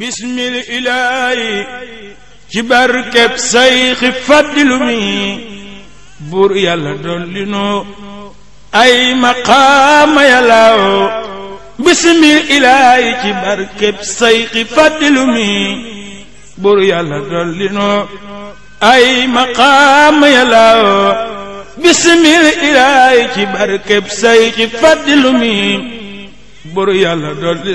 bismil ilaahi ci barkeb sayxi faddilu mi buur yàlla dolli ay maqaama yàllaw bismil ilaahi ci barkeb sayxi faddilu mi buur yàlla dolli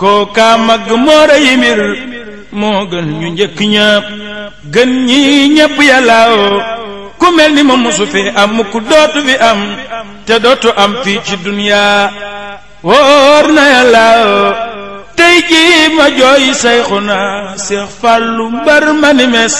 kookaa mag moo rëy moo gën ñu njëkk ñëpp gën ñi ñëpp yàlla ku mel ni ma mosu am ku dootu fi am te dootu am fii ci duniyaa wóor na yàlla tey jii ma jooy sayxuna Seex Fàllu mbar ma ni mes